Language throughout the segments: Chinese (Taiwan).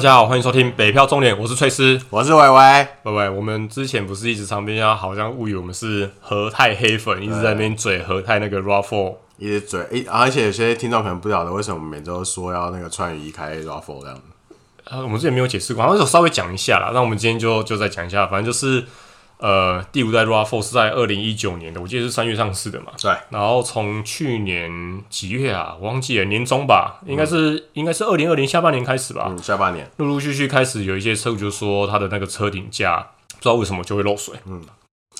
大家好，歡迎收聽《北漂重點》，我是翠絲，我是歪歪歪歪。我們之前不是一直常被人好像誤以為我們是和泰黑粉，對對對，一直在那邊嘴和泰那個 RAV4，一直嘴、欸。而且有些聽眾可能不曉得為什麼我們每周說要那個穿雨衣開 RAV4 這樣啊、呃，我們之前沒有解釋過，但是稍微講一下啦。那我們今天就就再講一下，反正就是。呃，第五代 RAV4 是在二零一九年的，我記得是三月上市的嘛。對。然後從去年幾月啊，我忘記了，年中吧，應該是、嗯、應該是二零二零下半年開始吧。嗯，下半年。陸陸續續開始有一些車主就說，他的那個車頂架不知道為什麼就會漏水。嗯。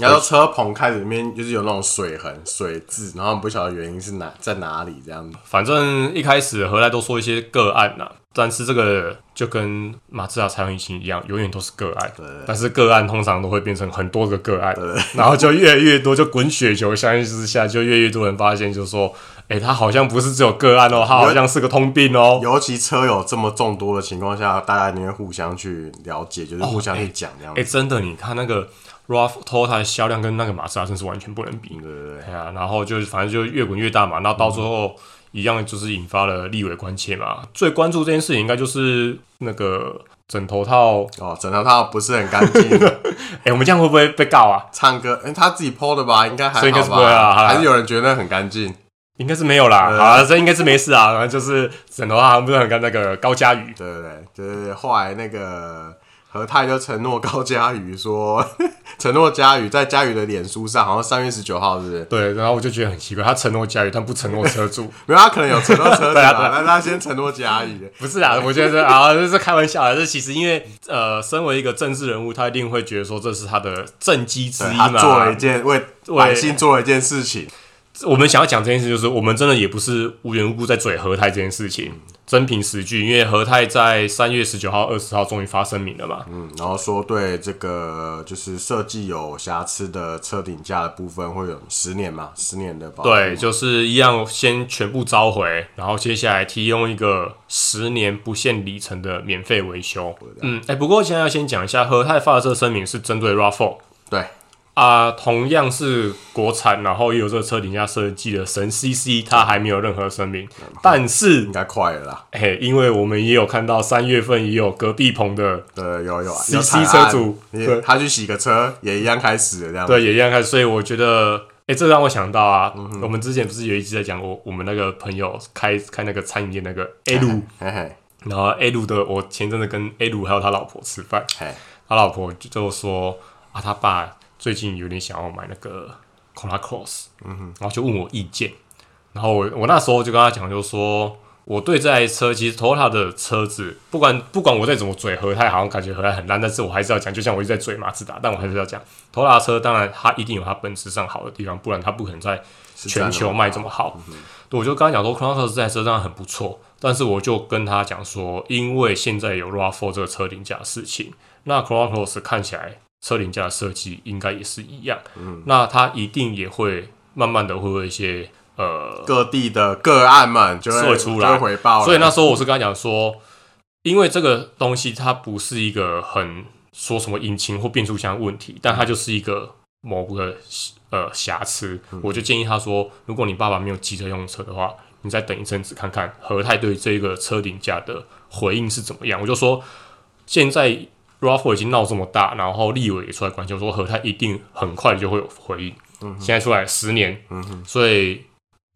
然後車棚開始裡面就是有那種水痕、水漬，然後不曉得原因是哪在哪裡這樣子。反正一開始和泰都說一些個案吶、啊。但是這個就跟馬自達柴油引擎一樣，永遠都是個案。對，對，但是個案通常都會變成很多個個案，對對對，然後就越來越多，就滾雪球。相信之下，就越來越多人發現，就是說：“誒、欸、他好像不是只有個案哦，他好像是個通病哦。”尤其車友這麼眾多的情況下，大家你會互相去了解，就是互相去講這樣。哎、哦欸欸，真的，你看那個 RAV4 的銷量跟那個馬自達真是完全不能比。對對對，對、啊，然後就是反正就越滾越大嘛，然後到最後、嗯一樣就是引發了立委關切嘛，最關注的這件事情應該就是那個枕頭套哦，枕頭套不是很乾淨，哎，我們這樣會不會被告啊？唱歌，嗯、欸，他自己 PO 的吧，應該還好吧？是好？還是有人覺得很乾淨？應該是沒有啦，啊，這應該是沒事啊。反正 就是枕頭套，不是很乾那個高嘉瑜，對對對，就是後來那個。和泰就承諾高嘉瑜說：“呵呵承諾嘉瑜在嘉瑜的臉書上，好像三月十九號是不是？對，然後我就覺得很奇怪，他承諾嘉瑜，但不承諾車主， 沒有他可能有承諾車主、 啊啊啊、但是他先承諾嘉瑜。不是啊，我覺得 啊，這、就是開玩笑而，這、就是、其實因為呃，身為一個政治人物，他一定會覺得說這是他的政績之一嘛，他做了一件為百姓做了一件事情。我們想要講這件事，就是我們真的也不是無緣無故在嘴和泰這件事情，真憑實據，因為和泰在三月十九號、二十號終於發聲明了嘛，嗯，然後說對這個就是設計有瑕疵的車頂架的部分會有十年嘛，十年的保，對，就是一樣先全部召回，然後接下來提供一個十年不限里程的免費維修，嗯，哎、欸，不過現在要先講一下和泰發的這個聲明是針對 RAV4，對。啊，同樣是國產，然後也有這個車頂架設計的神 CC，他還沒有任何聲明，嗯，但是應該快了啦，嘿、欸，因為我們也有看到三月份也有隔壁棚的 CC，呃，有有 c c 車主，他去洗個車也一樣開始這樣，對，也一樣開始，所以我覺得，哎、欸，這讓我想到啊、嗯，我們之前不是有一直在講我我們那個朋友開開那個餐飲店那個 A 路，然後 A 路的我前陣子跟 A 路還有他老婆吃飯，他老婆就說啊，他爸。最近有點想要買那個 Corolla Cross，嗯哼，然後就問我意見，然後我我那時候就跟他講就是，就說我對這台車，其實 Toyota 的車子，不管不管我再怎麼嘴和泰它也好像感覺和泰很爛，但是我還是要講，就像我一直在嘴馬自達，但我還是要講 Toyota 車當然它一定有它本質上好的地方，不然它不可能在全球賣這麼好。對，我就跟他講說 Corolla Cross 這台車上很不錯，但是我就跟他講說，因為現在有 RAV4 這個車頂架的事情，那 Corolla Cross 看起來。車頂架設計應該也是一樣，嗯、那它一定也會慢慢的會有一些呃各地的個案嘛，就會出來會回報，所以那時候我是跟他講說，因為這個東西它不是一個很說什麼引擎或變速箱問題，但它就是一個某個呃瑕疵、嗯，我就建議他說，如果你爸爸沒有急著用車的話，你再等一陣子看看和泰對這個車頂架的回應是怎麼樣，我就說現在。RAV4 已經鬧這麼大，然後立委也出來關切，說和泰一定很快就會有回應，嗯。現在出來十年，嗯哼，所以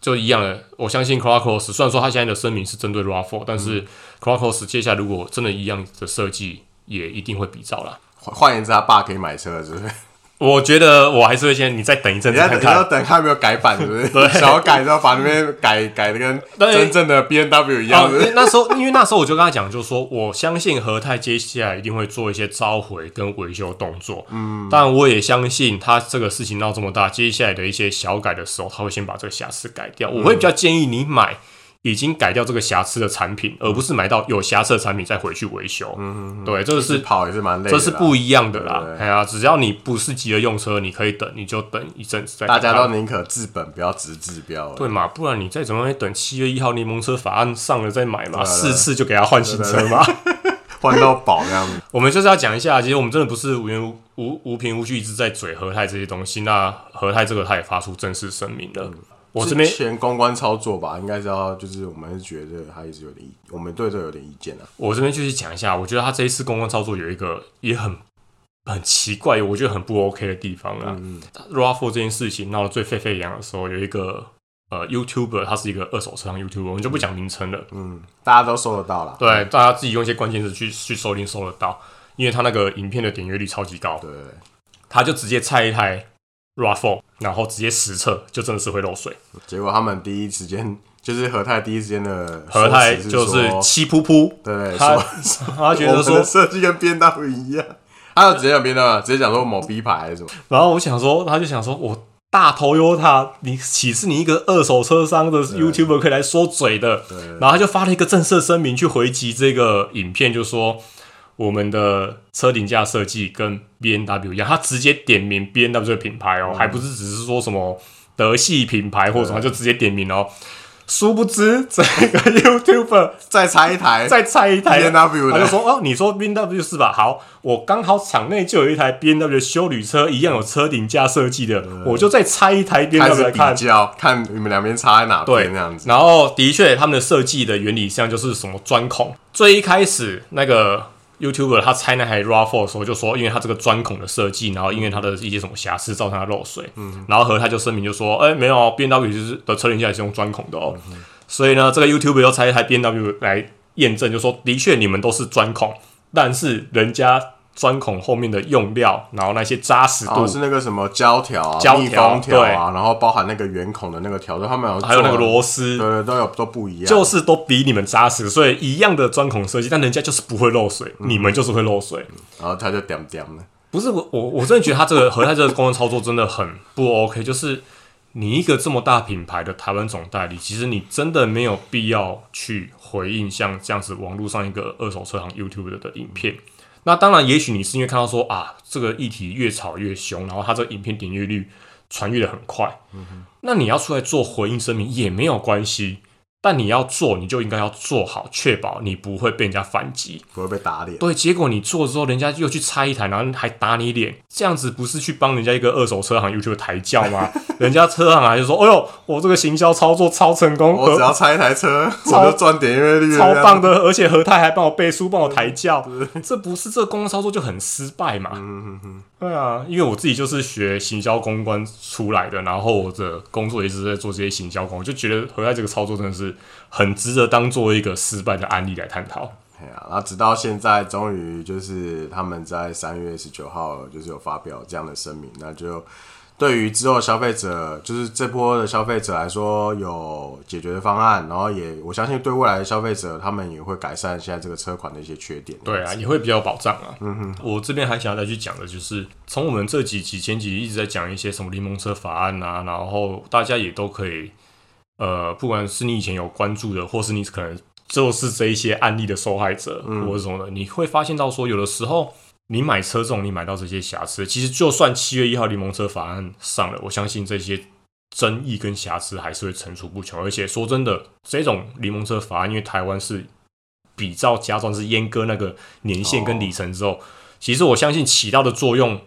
就一樣的，我相信 Corolla Cross。雖然說他現在的聲明是針對 RAV4，但是 Corolla Cross 接下來如果真的一樣的設計，也一定會比照了。換言之，他爸可以買車了，是不是？ 我覺得我還是會先你再等一陣再看看，你要，要等他有沒有改版是是。 對，不然小改之後把那邊改改的跟真正的 BMW 一樣是是，對啊、那時候，因為那時候我就跟他講，就 說我相信和泰接下來一定會做一些召回跟維修動作。嗯，但我也相信他這個事情鬧這麼大，接下來的一些小改的時候，他會先把這個瑕疵改掉。我會比較建議你買。嗯已經改掉這個瑕疵的產品，而不是買到有瑕疵的產品再回去維修。嗯嗯，對，這個是跑也是蠻累的，這是不一樣的啦。哎呀、啊，只要你不是急着用車，你可以等，你就等一陣子。大家都寧可治本，不要治治標。對嘛？不然你再怎麼會等，七月一號檸檬車法案上了再買嘛，對對對，四次就給他換新車嘛，換到寶那樣子。 我們就是要講一下，其實我們真的不是無緣無無無憑無據一直在嘴和泰這些東西。那和泰這個他也發出正式聲明的我這邊先公關操作吧，應該是要就是我們是覺得他一直有點意，我們對這有點意見啊。我這邊就繼續講一下，我覺得他這一次公關操作有一個也很很奇怪，我覺得很不 OK 的地方啊。嗯、RAV4 這件事情鬧得最沸沸揚揚的時候，有一個呃 YouTuber，它是一個二手車商 YouTuber，嗯、我們就不講名稱了。嗯，大家都搜得到了，對，大家自己用一些關鍵詞去去搜，能搜得到，因為他那個影片的點閱率超級高。對，他就直接拆一台。raw 縫，然後直接實測就真的是會漏水。結果他們第一時間就是和泰，第一時間的和泰就是氣噗噗，對、對他 他覺得說，設計跟編導一樣，他就直接講編導， 直接講說某 B 牌是什麼。然後我想說，他就想說，我大 Toyota，你豈是你一個二手車商的 YouTuber 可以來說嘴的？對對對對對。然後他就發了一個正式聲明去回擊這個影片，就說，我們的車頂架設計跟 B N W 一樣，他直接點名 B N W 的品牌哦、喔嗯，還不是只是說什麼德系品牌或者什麼，嗯、他就直接點名哦、喔。殊不知這個 YouTuber 再拆一台，再拆一台 B N W，他就說：“哦，你說 B N W 是吧？”好，我剛好場內就有一台 B N W 休旅車，一樣有車頂架設計的、嗯，我就再拆一台 B N W 來看。開始比較，看你們兩邊差在哪？對，那樣子。然後的確，他們的設計的原理像就是什麼鑽孔。最一開始那個。YouTuber 他拆那台 RAV4 的時候就說，因為他這個鑽孔的設計，然後因為他的一些什麼瑕疵造成它漏水、嗯。然後和他就聲明就說，哎、欸，沒有，BMW 就是的車輪架是用鑽孔的哦。嗯、所以呢，這個 YouTuber 又拆一台 BMW 來驗證，就說的確你們都是鑽孔，但是人家。鑽孔後面的用料，然後那些扎實都、哦、是那個什麼膠條啊、密封條、條啊，然後包含那個圓孔的那個條它他們有還有那個螺絲，對、對、對都有都不一樣，就是都比你們扎實，所以一樣的鑽孔設計，但人家就是不會漏水，嗯、你們就是會漏水，然後它就掉掉了。不是我我我真的覺得它這個和它這個公關操作真的很不 OK， 就是你一個這麼大品牌的台灣總代理，其實你真的沒有必要去回應像這樣子網絡上一個二手車行 YouTube 的、的影片。那當然，也許你是因為看到說啊，這個議題越炒越兇，然後他這個影片點閱率傳閱的很快。嗯哼，那你要出來做回應聲明也沒有關係。但你要做，你就應該要做好，確保你不會被人家反擊，不會被打臉。對，結果你做了之後，人家又去拆一台，然後還打你臉，這樣子不是去幫人家一個二手車行又去抬轎嗎？ 人家車行還、啊、就說：“哦、哎、呦，我這個行銷操作超成功，我只要拆一台車，我就賺點利潤，超棒的。”而且和泰還幫我背書，幫我抬轎， 這不是這個公關操作就很失敗嗎？嗯嗯嗯。對啊，因為我自己就是學行銷公關出來的，然後我的工作一直在做這些行銷公關，就覺得回來這個操作真的是很值得當做一個失敗的案例來探討。對啊，那直到現在，終於就是他們在三月十九號就是有發表這樣的聲明，那就。對於之後消費者，就是這波的消費者來說，有解決的方案，然後也我相信對未來的消費者，他們也會改善現在這個車款的一些缺點。對啊，也會比較保障啊。嗯哼，我這邊還想要再去講的就是，從我們這幾集前幾集一直在講一些什麼檸檬車法案吶啊，然後大家也都可以，呃，不管是你以前有關注的，或是你可能就是這一些案例的受害者，嗯，或者什麼的，你會發現到說，有的時候。你買車中，你買到這些瑕疵，其實就算七月一號檸檬車法案上了，我相信這些爭議跟瑕疵還是會層出不窮。而且說真的，這種檸檬車法案，因為台灣是比較加上是閹割那個年限跟里程之後。哦,其實我相信起到的作用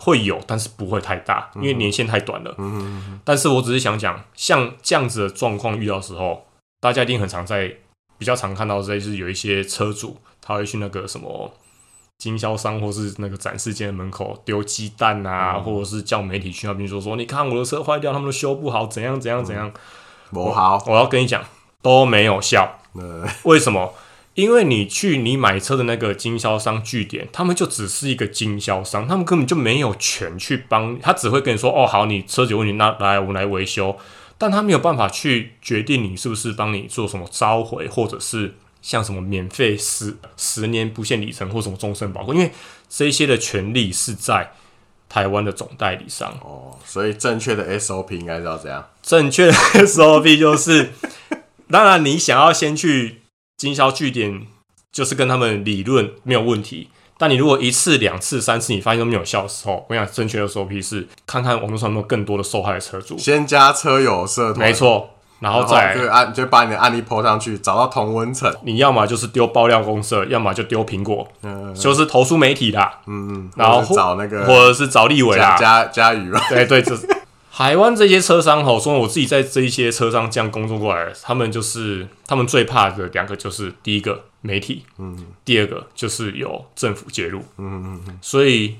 會有，但是不會太大，因為年限太短了。嗯嗯。但是我只是想講，像這樣子的狀況遇到時候，大家一定很常在比較常看到，就是有一些車主他會去那個什麼。經銷商或是那個展示間的門口丟雞蛋啊，嗯、或者是叫媒體去那邊說說、嗯，你看我的車壞掉，他們都修不好，怎樣怎樣怎樣。嗯、不好我好，我要跟你講，都沒有效、嗯。為什麼？因為你去你買車的那個經銷商據點，他們就只是一個經銷商，他們根本就沒有權去幫，他只會跟你說，哦，好，你車子有問題，那來我們來維修，但他沒有辦法去決定你是不是幫你做什麼召回，或者是。像什麼免費十十年，不限里程或什麼終身保固，因為這些的權利是在台灣的總代理商哦，所以正確的 SOP 應該是要怎樣？正確的 SOP 就是， 當然你想要先去經銷據點，就是跟他們理論沒有問題。但你如果一次、兩次、三次，你發現都沒有效的時候，我想正確的 SOP 是看看網路上有沒有更多的受害的車主，先加車友社團，沒錯。然後再然後就案就把你的案例 PO 上去，找到同溫層。你要麼就是丟爆料公社，要麼就丟蘋果，嗯，就是投訴媒體的，嗯，然後找那個或者是找立委啦，嘉嘉瑜嘛，對對，對，就是台灣 這些車商吼、喔，說我自己在這些車商這樣工作過來了，他們就是他們最怕的兩個就是第一個媒體，嗯，第二個就是有政府介入，嗯嗯嗯，所以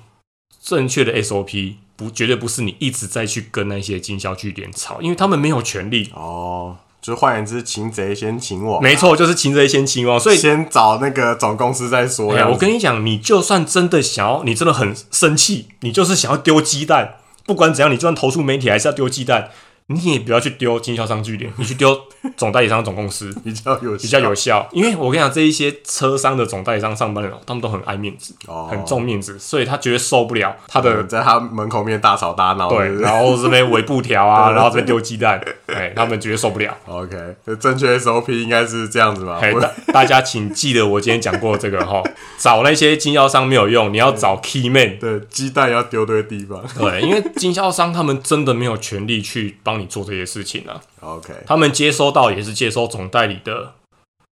正確的 SOP。不，絕對不是你一直在去跟那些經銷據點吵，因為他們沒有權利。哦，就是換言之，擒賊先擒王。沒錯，就是擒賊先擒王，所以先找那個總公司再說啊。我跟你講，你就算真的想要，你真的很生氣，你就是想要丟雞蛋，不管怎樣，你就算投訴媒體，還是要丟雞蛋。你也不要去丟經銷商據點，你去丟總代理商的總公司比較有，比較有效，因為我跟你講，這一些車商的總代理商上班的人，他們都很愛面子，哦、很重面子，所以他絕對受不了他的、嗯、在他門口面大吵大鬧，對，然後這邊圍布條啊，然後這邊丟雞蛋，哎，他們絕對受不了。OK，正確 SOP 應該是這樣子吧？嘿，大家請記得我今天講過這個哈，找那些經銷商沒有用，你要找 key man，對，雞蛋要丟對地方，對，因為經銷商他們真的沒有權利去幫。幫你做這些事情呢、啊、OK，他們接收到也是接收總代理的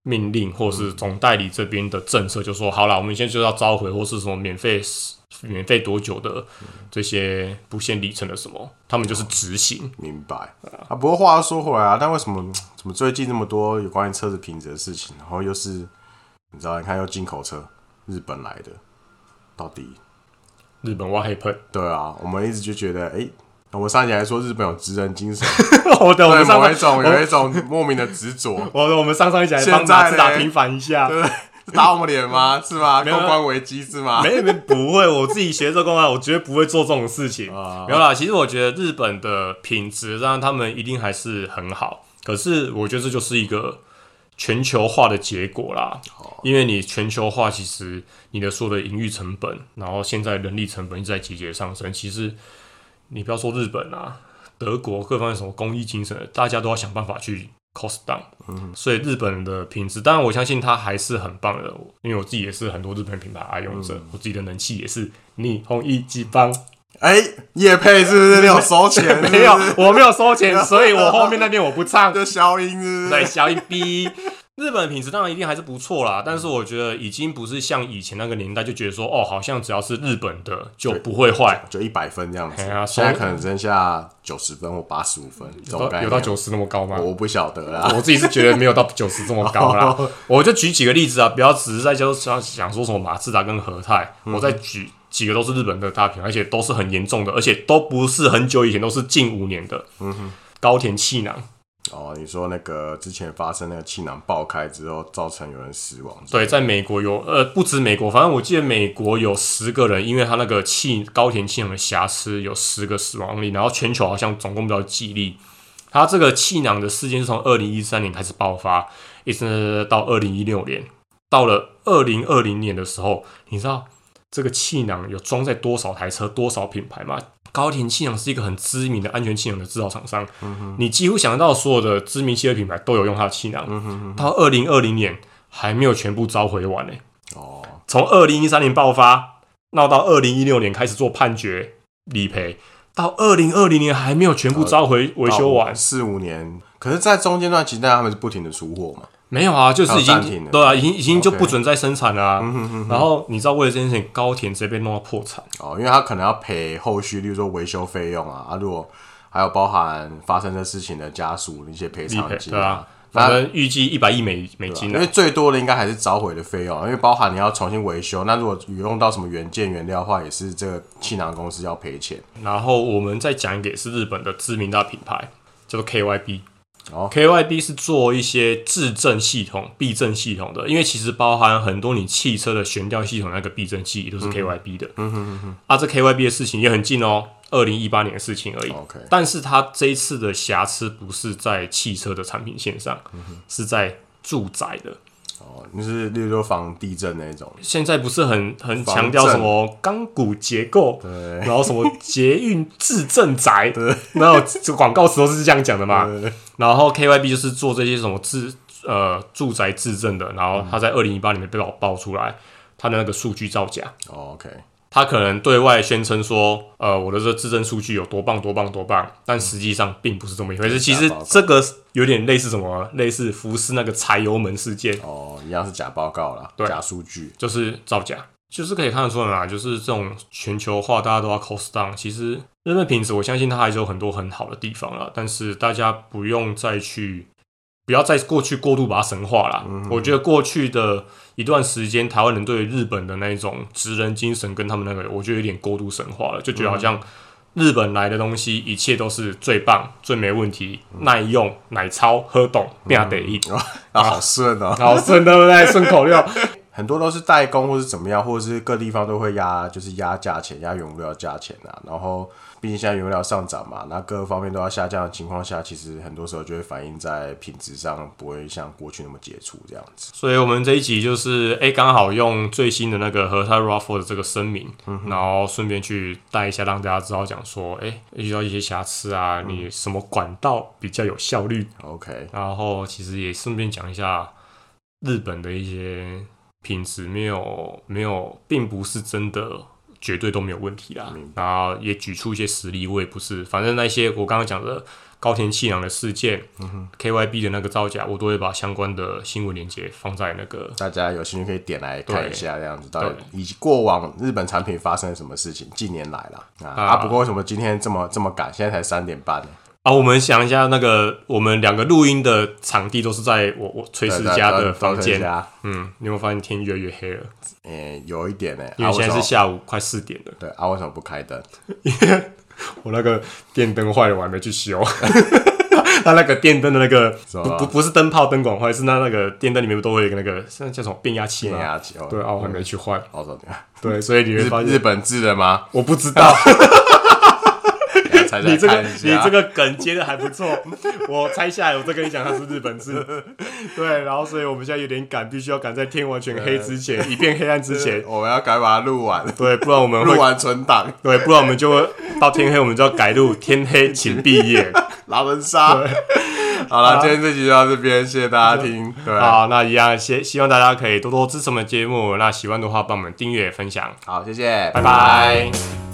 命令，或是總代理這邊的政策，嗯、就說好了，我們現在就要召回或是什麼免費免費多久的、嗯、這些不限里程的什麼，他們就是執行、哦。明白、嗯。啊，不過話又說回來啊，但為什麼怎麼最近那麼多有關於車子品質的事情，然後又是你知道，你看又進口車，日本來的，到底日本挖黑噴？對啊，我們一直就覺得哎。欸我上一節還說日本有職人精神， 我等我上，上某一種有一種莫名的執着。 我我們上上一節還幫大家打平凡一下，對，對打我們臉嗎？ 是嗎？是嗎？公關危機是嗎？沒沒，不會，我自己學這公關， 我絕對不會做這種事情、呃。沒有啦，其實我覺得日本的品質讓他們一定還是很好。可是我覺得這就是一個全球化的結果啦。因為你全球化，其實你的所有的營運成本，然後現在人力成本一直在節節上升，其實。你不要說日本啊，德國各方面什麼工藝精神的，大家都要想辦法去 cost down。嗯，所以日本的品質，當然我相信它還是很棒的。因為我自己也是很多日本品牌愛用者，嗯、我自己的冷氣也是。日立一級棒？哎，業配是不是？你有，有收錢是不是？沒有，我沒有收錢， 所以我後面那邊我不唱。 就消音啊，來消音逼。 日本的品質當然一定還是不錯啦，但是我覺得已經不是像以前那個年代就覺得說哦，好像只要是日本的就不會壞，就一百分這樣子、啊。現在可能剩下九十分或八十五分，有到九十那麼高嗎？我不曉得啦，我自己是覺得沒有到九十這麼高啦。 我就舉幾個例子啊，不要只是在交通上想說什麼馬自達跟和泰，嗯、我再舉幾個都是日本的大品牌，而且都是很嚴重的，而且都不是很久以前，都是近五年的。嗯哼，高田氣囊。哦，你說那個之前發生那個氣囊爆開之後，造成有人死亡。對，在美國有，呃，不止美國，反正我記得美國有十個人，因為他那個氣，高田氣囊的瑕疵，有十個死亡率。然後全球好像總共比較吉利。他這個氣囊的事件是從二零一三年開始爆發，一直到二零一六年，到了二零二零年的時候，你知道。這個氣囊有裝在多少台車、多少品牌嘛？高田氣囊是一個很知名的安全氣囊的制造廠商。嗯哼，你幾乎想得到所有的知名汽車品牌都有用它的氣囊。嗯哼，嗯哼，到二零二零年還沒有全部召回完呢。哦，從二零一三年爆發鬧到二零一六年開始做判決理賠，到二零二零年還沒有全部召回維修完，四五年。可是，在中間段，其實他們是不停的出貨嘛。沒有啊，就是已經停了對啊，已經已經就不准再生產了。啊 okay, 嗯哼嗯哼。然後你知道，為了這件事情，高田直接被弄到破產哦，因為他可能要賠後續，例如說維修費用啊，啊，如果還有包含發生這事情的家屬那些賠償金啊，對啊，反正預計一百億美美金。啊啊，因為最多的應該還是召回的費用，因為包含你要重新維修，那如果用到什麼原件原料的話，也是這個氣囊公司要賠錢。然後我們再講，一個也是日本的知名大品牌，叫做 K Y B。Oh. K Y B 是做一些制震系統、避震系統的，因為其實包含很多你汽車的懸吊系統那個避震器也都是 K Y B 的。嗯哼嗯哼。啊，這 K Y B 的事情也很近哦，二零一八年的事情而已。OK。但是它這一次的瑕疵不是在汽車的產品線上，mm -hmm. 是在住宅的。哦，那、就是六六防地震那一種。現在不是很很強調什麼鋼骨結構，然後什麼捷運制震宅。對，然後廣告詞都是這樣講的嘛。然後 K Y B 就是做這些什麼制呃住宅制震的，然後他在二零一八年被老爆出來、嗯，他的那個數據造假。O、哦、K。Okay 他可能對外宣稱說，呃，我的這個自證數據有多棒多棒多棒，但實際上並不是這麼一回事，嗯。其實這個有點類似什麼，類似福斯那個柴油門事件。哦，一樣是假報告啦，對，假數據就是造假，就是可以看得出來啊，就是這種全球化，大家都要 cost down。其實日本品質我相信它還是有很多很好的地方了，但是大家不用再去。不要再過去過度把它神化了。我覺得過去的一段時間，台灣人對日本的那一種職人精神跟他們那個，我覺得有點過度神化了，就覺得好像日本來的東西，一切都是最棒、最沒問題、耐用、耐操、喝懂、變得意啊，好順哦、喔喔， 好順對不對？順口溜。 很多都是代工或是怎麼樣，或者是各地方都會壓，就是壓價錢、壓原物料價錢啊。然後，畢竟現在原物料上漲嘛，那各個方面都要下降的情況下，其實很多時候就會反映在品質上，不會像過去那麼傑出這樣子。所以，我們這一集就是，誒，剛好用最新的那個和泰 RAV4 的這個聲明，嗯，然後順便去帶一下，讓大家知道講說，誒，遇到一些瑕疵啊，你什麼管道比較有效率？OK，嗯。然後，其實也順便講一下日本的一些。品質沒有沒有，並不是真的絕對都沒有問題啦。然、嗯、後、啊、也舉出一些實例，我也不是。反正那些我剛剛講的高田氣囊的事件、嗯、，KYB 的那個造假，我都會把相關的新聞鏈接放在那個，大家有興趣可以點來看一下，這樣子，到底以及過往日本產品發生什麼事情。近年來啦，啊啊、啊！不過為什麼今天這麼這麼趕？現在才三點半呢？啊，我們想一下，那個我們兩個錄音的場地都是在我我崔氏家的房間。嗯，你有沒有發現天越來越黑了？哎、欸，有一點呢、欸，因為、啊、現在是下午快四點了。對，啊，為什麼不開燈？因 為我那個電燈壞了，我還沒去修。 他那個電燈的那個不不不是燈泡燈管壞，是那那個電燈裡面都會有一個那個，像叫什麼變壓器，器，變壓器哦。對，啊，我還沒去換。對，所以你是日，日本制的嗎？我不知道。 你這個 你這個梗接的還不錯， 我猜下來，我再跟你講，它是日本字。對，然後所以我們現在有點趕，必須要趕在天完全黑之前，一片黑暗之前，我們要趕把它錄完。對，不然我們錄完存檔。對，不然我們就會 到天黑，我們就要改錄。天黑請閉眼，狼人殺。好了，今天這集就到這邊，謝謝大家聽。對，好，那一樣，希希望大家可以多多支持我們節目。那喜歡的話，幫我們訂閱、分享。好，謝謝，拜拜。拜拜